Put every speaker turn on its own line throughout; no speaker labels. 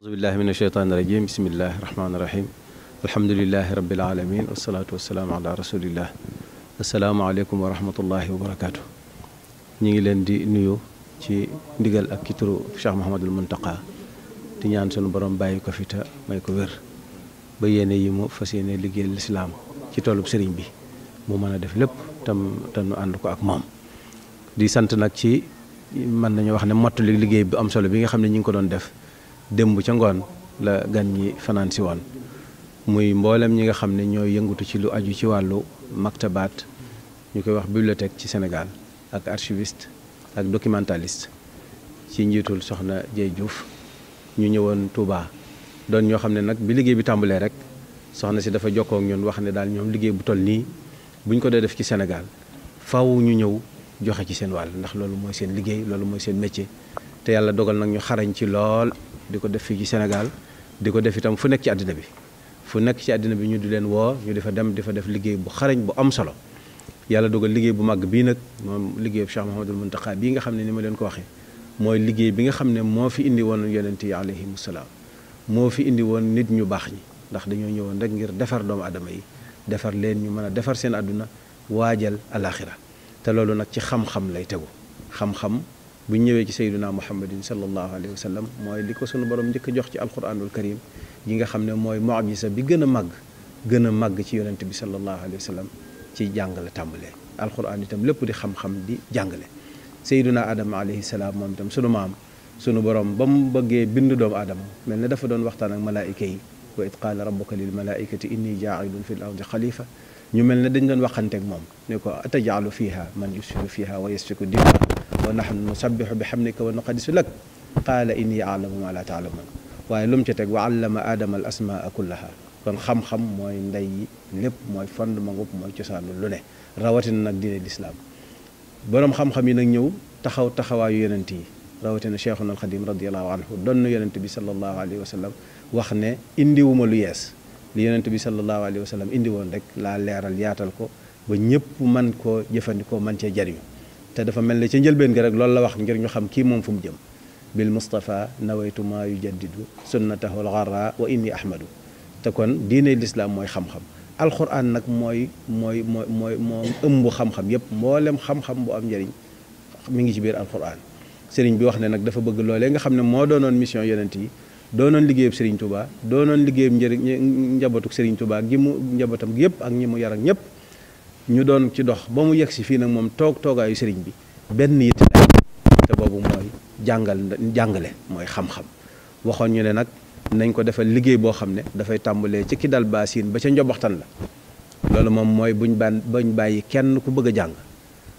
auzu billahi min asheytaani rajim bismillahi rahmaani rahim alhamdulilahi rabbil alamin wasalaatu wasalaamu ala rasulillah asalaamaaleykum wa rahmatullahi wa ñi ngi leen di nuyu ci ndigal ak ci turu Cheikh Mouhamadul Muntaqa ñaan sunu borom bàyyi ko fi te may ko wér ba yéene yi mu fas yéene liggéey lislaam ci tollub sëriñ bi mu mën a def lépp tam tam nu ànd ko ak moom di sant nag ci mën nañu wax ne mottali liggéey bu am solo bi nga xam ne ñi ngi ko doon def démb ca ngoon la gan ñi fanaan si woon muy mboolem ñi nga xam ne ñooy yëngatu ci lu aju ci wàllu maktabaat ñu koy wax bibliothèque ci Sénégal ak archiviste ak documentaliste ci njiitul soxna Dieye Diouf ñu ñëwoon Touba doon ñoo xam ne nag bi liggéey bi tàmbalee rek soxna si dafa jokkoo ñoon wax ne daal ñoom liggéey bu toll nii bu buñ ko dee def ci Sénégal faw ñu ñëw joxe ci seen wàll ndax loolu mooy seen liggéey loolu mooy seen métier te yàlla dogal nag ñu xarañ ci lool di ko def fii ci Sénégal di ko def itam fu nekk ci àddina bi fu nekk ci àddina bi ñu di leen woo ñu di dem di fa def liggéey bu xarañ bu am solo yàlla dogal liggéey bu màgg bii nag moom liggéey bu Cheikh Mouhamadul Mountakha bii nga xam ne ni ma leen ko waxee mooy liggéey bi nga xam ne moo fi indi woon yonent yi alayhimu salaam moo fi indi woon nit ñu baax ñi ndax dañoo ñëwoon rek ngir defar doomu aadama yi defar leen ñu mën a defar seen àdduna waajal alaxira te loolu nag ci xam lay tegu xam bu ñëwee ci sayyiduna muhammadin sallallahu alayhi wa sallam mooy li ko sunu borom njëkk a jox ci alquranul karim yi nga xam ne mooy mu'jiza bi gën a màgg gën a màgg ci yonent bi sallallahu alayhi wa sallam ci jàngale tàmbalee alquran itam lépp di xam-xam di jàngale sayyiduna adama alayhi salaam moom itam sunu maam sunu borom ba mu bëggee bind doomu aadama mel ne dafa doon waxtaan ak malaayika yi wa id qaala rabbuka lil malaayikati inni jaailun fi l ardi xalifa ñu mel ne dañ doon waxanteek moom ne ko atajaalu fiha man yusfiku fiha wa yasfiku dima wa nahnu nusabbihu bi hamdika wa nuqaddisu lak qaala inni a'lamu ma la ta'lamun waaye lu mu ci teg wa allama aadama al asmaa kullaha kon xam-xam mooy ndey lépp mooy fondement wëpp mooy cosaanu lu ne rawatina nag diine lislaam boroom xam-xam yi nag ñëw taxaw taxawaayu yonent yi rawatina cheikhuna alxadim radiallahu anhu doon na yonent bi salallahu alayhi wa sallam wax ne indiwuma lu yees li bi salallahu alayhi wa indi woon rek laa leeral yaatal ko ba ñëpp man koo jëfandikoo man cee jariñu te dafa mel ne ca njëlbeen gi rek loolu la wax ngir ñu xam kii moom fu mu jëm bil mustapha nawaytu maa yujaddidu sunnatahu alxarra wa inni ahmadu te kon diine lislaam mooy xam-xam alquran nag mooy mooy mooy mooy moom ëmb xam-xam yépp mboolem xam-xam bu am njëriñ mu ngi ci biir alquran sëriñ bi wax ne nag dafa bëgg loolee nga xam ne moo doonoon mission yonent yi doonoon liggéeyub sëriñ tubaa doonoon liggéeyub njëriñ njabootuk sëriñ tubaa gi mu njabootam gi ak ñi mu yar ak ñëpp ñu doon ci dox ba mu yegg si fii nag moom toog toogaayu sëriñ bi benn yitte boobu mooy jàngal jàngale mooy xam-xam waxoon ñu ne nag nañ ko defal liggéey boo xam ne dafay tàmbalee ci ki dal baasin ba ca njoboxtan la loolu moom mooy buñ ban buñ bàyyi kenn ku bëgg a jàng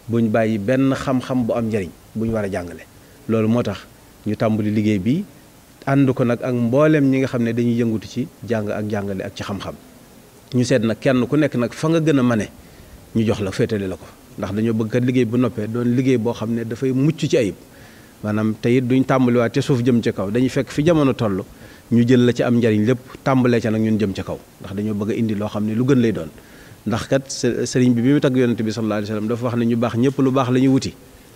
buñ bàyyi benn xam-xam bu am njëriñ buñ war a jàngale loolu moo tax ñu tàmbali liggéey bi ànd ko nag ak mbooleem ñi nga xam ne dañuy yëngutu ci jàng ak jàngale ak ci xam-xam ñu seet nag kenn ku nekk nag fa nga gën a mane ñu jox la féetale la ko ndax dañoo bëgg kat liggéey bu noppee doon liggéey boo xam ne dafay mucc ci ayib maanaam te duñu duñ tàmbaliwaat te suuf jëm ca kaw dañuy fekk fi jamono toll ñu jël la ci am njariñ lépp tàmbalee ca nag ñun jëm ca kaw ndax dañoo bëgg indi loo xam ne lu gën lay doon ndax kat sëriñ bi bi mu tagg yonente bi sallallahu alayhi wasallam dafa wax ne ñu baax ñëpp lu baax la ñu wuti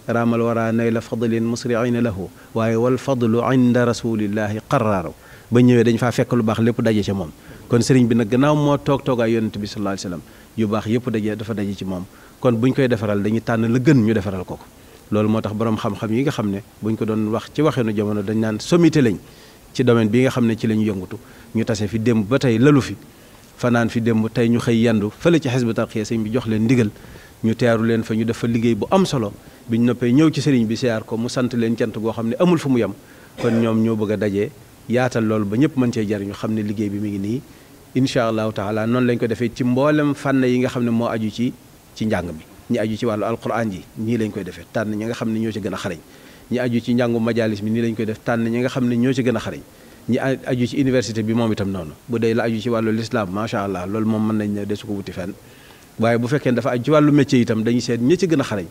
raamal wara nay la fadlin musriina lahu waaye wal fadlu inda rasulillahi qaraaru ba ñëwee dañ faa fekk lu baax lépp daje ca moom kon seriñ bi nag gannaaw moo toog toogaay yonente bi sallallahu alayhi yu baax yëpp daje dafa daje ci moom kon bu ñu koy defaral dañuy tànn la gën ñu defaral ko ko loolu moo tax borom xam-xam yi nga xam ne bu ñu ko doon wax ci waxee waxeenu jamono dañ naan sommité lañ ci domaine bi nga xam ne ci la ñu yëngutu ñu tase fi démb ba tey lalu fi fanaan fi démb tey ñu xëy yendu fële ci bi tarxiya sëñ bi jox leen ndigal ñu teeru leen fa ñu def fa liggéey bu am solo biñ noppee ñëw ci sëriñ bi siyaar ko mu sant leen cant goo xam ne amul fu mu yem kon ñoom ñoo bëgg daje yaatal loolu ba ñëpp mën cee jariñu xam ne liggéey bi mi ngi nii incha allahu taala noonu lañ ko defee ci mboolem fànn yi nga xam ne moo aju ci ci njàng mi ñi aju ci wàllu alquran ji ñii lañ koy defee tànn ñi nga xam ne ñoo ci gën a xarañ ñi aju ci njàngu majalis mi nii lañ koy def tànn ñi nga xam ne ñoo ci gën a xarañ ñi aju ci université bi moom itam noonu bu dee la aju ci wàllu lislaam macha allah loolu moom mën nañ ne desu ko wuti fenn waaye bu fekkee dafa aju ci wàllu métier itam dañu seet ñi ci gën a xarañ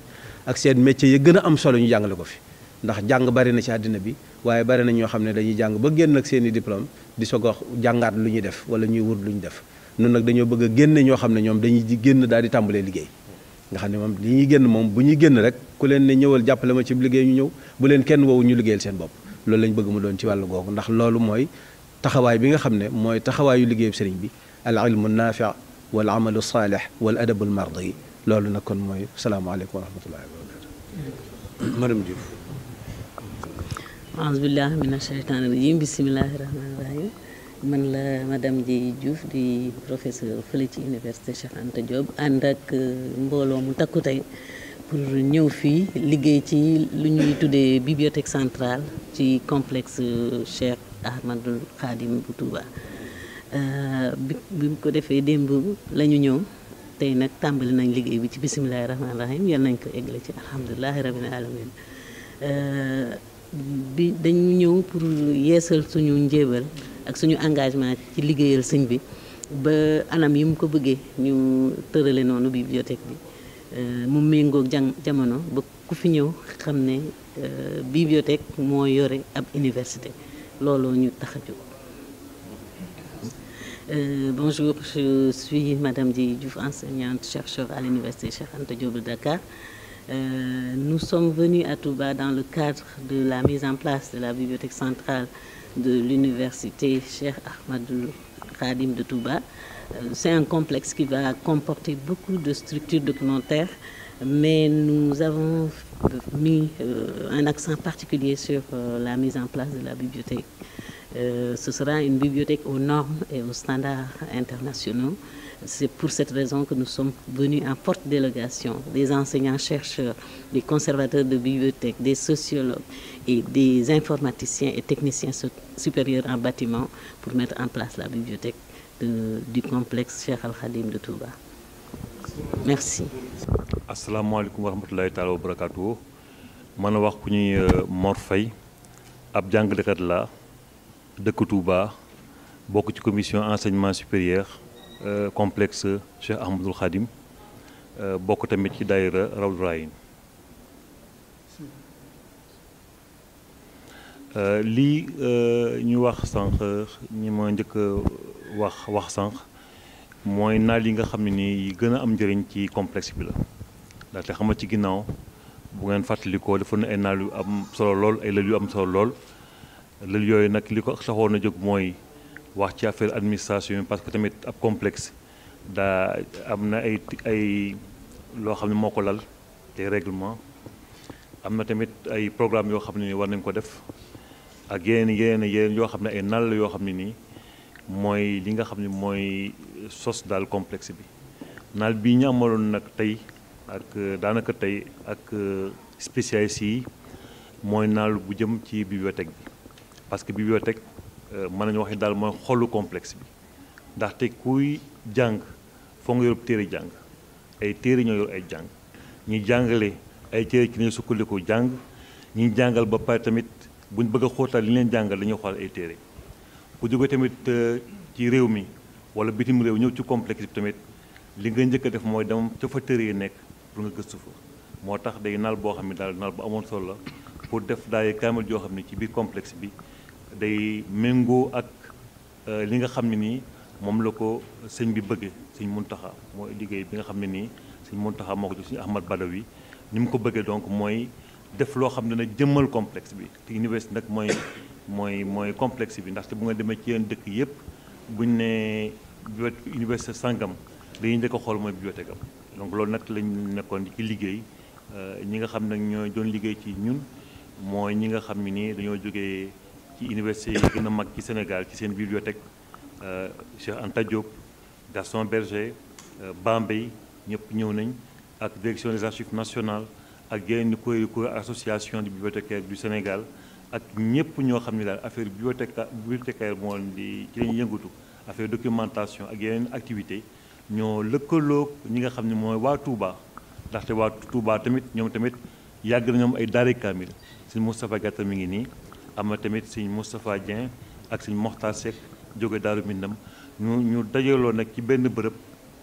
ak seen métier yi gën a am solo ñu jàngale ko fi ndax jàng bari na ci àddina bi waaye bari na ñoo xam ne dañuy jàng ba génn ak seen i diplôme di soog a jàngaat lu ñuy def wala ñuy wut lu ñu def noonu nag dañoo bëgg a génne ñoo xam ne ñoom dañuy génn daal di tàmbalee liggéey nga xam ne moom li ñuy génn moom bu ñuy génn rek ku leen ne ñëwal jàppale ma ci liggéey ñu ñëw bu leen kenn woowu ñu liggéeyal seen bopp loolu lañ bëgg mu doon ci wàllu googu ndax loolu mooy taxawaay bi nga xam ne mooy taxawaayu liggéeyu sëriñ bi al ilmu naafi wal amalu saalih wal adabul mardi loolu nag kon mooy salaamaaleykum wa rahmatullahi
wa
barakatu
aousubillahi mina sheytaani rajim bisimilahi rahmaani rahim man la madame Dieye Diouf di professeur ci université Cheikh Anta euh, mbooloo mu takku tey pour ñëw fii liggéey ci lu ñuy tuddee bibliothèque centrale ci complexe euh, Cheikh Ahmadul Khadim bu Touba euh, bi bi mu ko defee démb la ñu ñëw tey nag tàmbali nañ liggéey bi ci bisimilahi rahmaani rahim yal nañ ko eggale ci alhamdulilahi rabbil alamin bi dañu ñëw pour yeesal suñu njéebal ak suñu engagement ci liggéeyal sëñ bi ba anam yi mu ko bëggee ñu tërale noonu bibliothèque bi euh, mu méngoog jàng jamono ba ku fi ñëw xam ne euh, bibliothèque moo yore ab université looloo ñu tax a jóg Euh, bonjour, je suis Madame Diouf, enseignante chercheur à l'université Cheikh Anta Diop de Dakar. Euh, nous sommes venus à Touba dans le cadre de la mise en place de la bibliothèque centrale de l'université Cheikh Ahmadou Khadim de Touba. Euh, C'est un complexe qui va comporter beaucoup de structures documentaires, mais nous avons mis euh, un accent particulier sur euh, la mise en place de la bibliothèque. Euh, ce sera une bibliothèque aux normes et aux standards internationaux. C'est pour cette raison que nous sommes venus en forte délégation, des enseignants-chercheurs, des conservateurs de bibliothèques, des sociologues et des informaticiens et techniciens supérieurs en bâtiment pour mettre en place la bibliothèque de, du complexe Cheikh Al-Khadim de Touba. Merci.
asalaamaaleykum wa rahmatulahi taala wa barakaatu man a wax ku euh, ab jàngalekat la dëkk Touba bokk ci commission enseignement supérieur Euh, complexe Cheikh Ahmadul Khadim euh, bokk tamit ci daayira Rawdu Rayaahin euh, lii ñu wax sànq ñi ma njëkk wax wax sànq mooy naal yi nga xam ne nii gën a am njëriñ ci complexe bi la ndaxte xam nga ci ginnaaw bu ngeen fàttalikoo defoon na ay naal yu am solo lool ay lël yu am solo lool lël yooyu nag li ko taxoon a jóg mooy wax ci affaire administration parce que tamit ab complexe daa am na ay ay loo xam ne moo ko lal te règlement am na tamit ay programme yoo xam ne nii war nañ ko def ak yeneen yeneen yeneen yoo xam ne ay nal yoo xam ne nii mooy li nga xam ne mooy sos daal complexe bi naal bii ñu amaloon nag tey ak daanaka tey ak spécialistes yi mooy naal bu jëm ci bibliothèque bi parce que bibliothèque Euh, mën nañu wax daal mooy xolu complexe bi ndaxte kuy jàng foo nga yorub téere jàng ay téere ñoo yor ay jàng ñi jàngale ay téere ci ne sukkandiku jàng ñi jàngal ba pare tamit buñ bëgg a xóotal li leen jàngal dañuy xool ay téere bu jógee tamit euh, ci réew mi wala bitim réew ñëw ci complexe bi tamit li nga njëkk def mooy dem ca fa téere yi nekk pour nga gëstu fa moo tax day naal boo xam ne daal naal bu amoon solo la pour def daay kaamil joo xam ne ci biir complexe bi day méngoo ak euh, li nga xam ne nii moom la ko sëñ bi bëgge sëñ Muntaxa mooy liggéey bi nga xam ne nii sëñ Muntaxa moo ko jox sëñ Ahmad Badawi ni mu ko bëggee donc mooy def loo xam ne na jëmmal complexe bi te université nag mooy mooy mooy complexe bi ndaxte bu nga demee ci yeneen dëkk yëpp buñ ne université sangam dañuy njëkk a xool mooy bibliothèque am donc loolu nag lañ nekkoon ci liggéey euh, ñi nga xam nag ñoo doon liggéey ci ñun mooy ñi nga xam ne nii dañoo jógee ci université yi gën a mag ci Sénégal ci seen bibliothèque euh, Cheikh Anta Diop Gaston Berger euh, Bambey ñëpp ñëw nañ ak direction des archives nationales ak yeneen kuréel kuréel Sénégal ak ñëpp ñoo xam ne daal affaire bibliothéca bibliothécaire moo di ci lañu yëngatu affaire documentation ak yeneen activité ñoo lëkkaloog ñi nga xam ne mooy waa Touba ndaxte waa Touba tamit ñoom tamit yàgg na ñoom ay daare kaamil si Moustapha Gata mi ngi nii am na tamit sëñ Moustapha Dieng ak sëñ Mokhtar Seck jóge daalu Mbindam ñu ñu dajaloo nag ci benn bërëb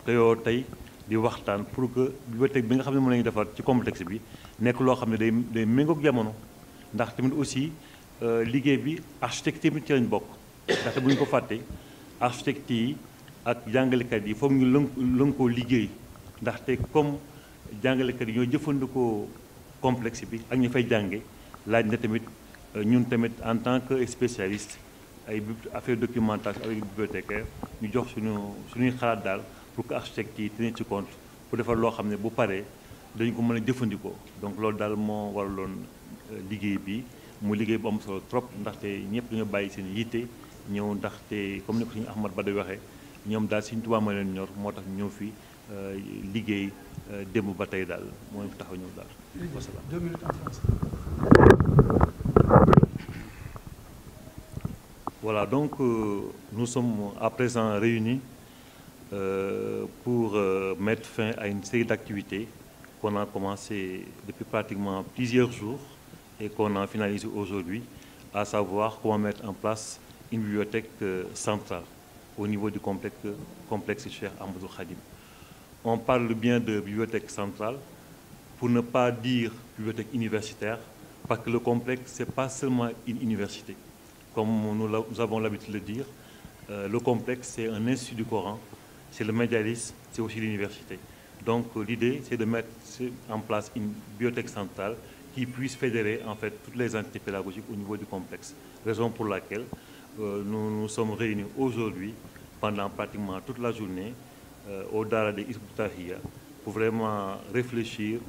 te yoo tey di waxtaan pour que bibliothèque bi nga xam ne mën nañu defar ci complexe bi nekk loo xam ne day day méngoog jamono ndax tamit aussi euh, liggéey bi architecte tamit ci lañ bokk ndaxte bu ñu ko fàtte architecte yi ak jàngalekat yi foog ñu lënk lënkoo liggéey ndaxte comme jàngalekat yi ñoo jëfandikoo complexe bi ak ñu fay jànge laaj na tamit ñun tamit en tant que spécialiste ay affaire documentation avec bibliothécaire ñu jox suñu suñuy xalaat daal pour que architecte yi tenir ci compte pour defar loo xam ne bu paree dañ ko mën a jëfandikoo donc loolu daal moo waraloon euh, liggéey bi mu liggéey bu am solo trop ndaxte ñëpp dañoo bàyyi seen yitte ñëw ndaxte comme ni ko suñu Ahmad Ba di waxee ñoom daal suñu Tuubaa ma leen ñor moo tax ñëw fi euh, liggéey euh, démb ba tey daal moo fi taxaw ñëw daal Voilà, donc euh, nous sommes à présent réunis euh, pour euh, mettre fin à une série d'activités qu'on a commencé depuis pratiquement plusieurs jours et qu'on a finalisé aujourd'hui, à savoir comment mettre en place une bibliothèque euh, centrale au niveau du complexe, complexe Cheikh Amadou Khadim. On parle bien de bibliothèque centrale pour ne pas dire bibliothèque universitaire, parce que le complexe, ce n'est pas seulement une université. comme nous, nous avons l'habitude de le dire, euh, le complexe, c'est un institut du Coran, c'est le médialisme, c'est aussi l'université. Donc euh, l'idée, c'est de mettre en place une bibliothèque centrale qui puisse fédérer en fait toutes les entités pédagogiques au niveau du complexe. Raison pour laquelle euh, nous nous sommes réunis aujourd'hui pendant pratiquement toute la journée euh, au Dara de Isbutahia pour vraiment réfléchir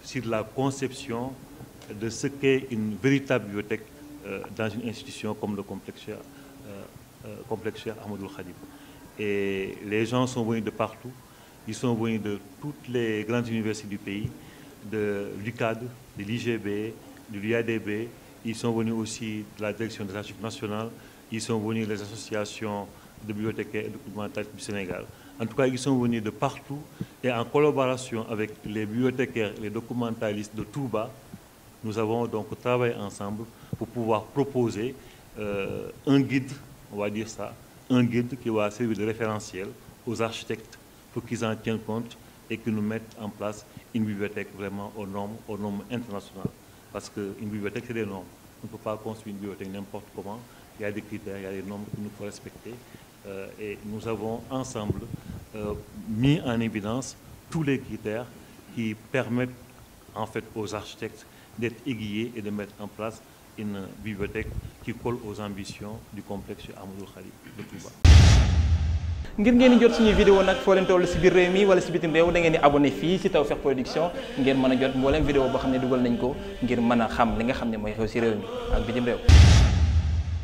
sur la conception de ce qu'est une véritable Euh, dans une institution comme le complexe euh, euh, complexe Ahmadoul Et les gens sont venus de partout. toutes les grandes universités du pays, de l'UCAD, de l'IGB, de l'UADB. Ils sont venus aussi de la direction des archives nationales. Ils sont venus des associations de bibliothécaires et documentaires du Sénégal. En tout cas, ils sont venus de partout et en collaboration avec les bibliothécaires et les documentalistes de Touba, Nous avons donc travaillé ensemble pour pouvoir proposer euh, un guide, on va dire ça, un guide qui va servir de référenciel aux architectes pour qu'ils en tiennent compte et qu'ils nous mettent en place une bibliothèque vraiment au normes, aux normes internationales. Parce qu'une bibliothèque, c'est des normes. On ne peut pas construire une bibliothèque n'importe comment. Il y a des euh, et nous avons ensemble euh, mis tous les critères qui permettent en fait aux architectes d'être aiguillé et de mettre en place une bibliothèque qui colle aux ambitions du complexe Amadou Khari de Touba.
ngir ngeen di jot suñuy vidéo nag foo leen toll si biir réew mi wala si bitim réew da ngeen di abonné fii si Tawfekh Production ngeen mën a jot mbooleem vidéo boo xam ne dugal nañ ko ngir mën a xam li nga xam ne mooy xew si réew mi ak bitim réew.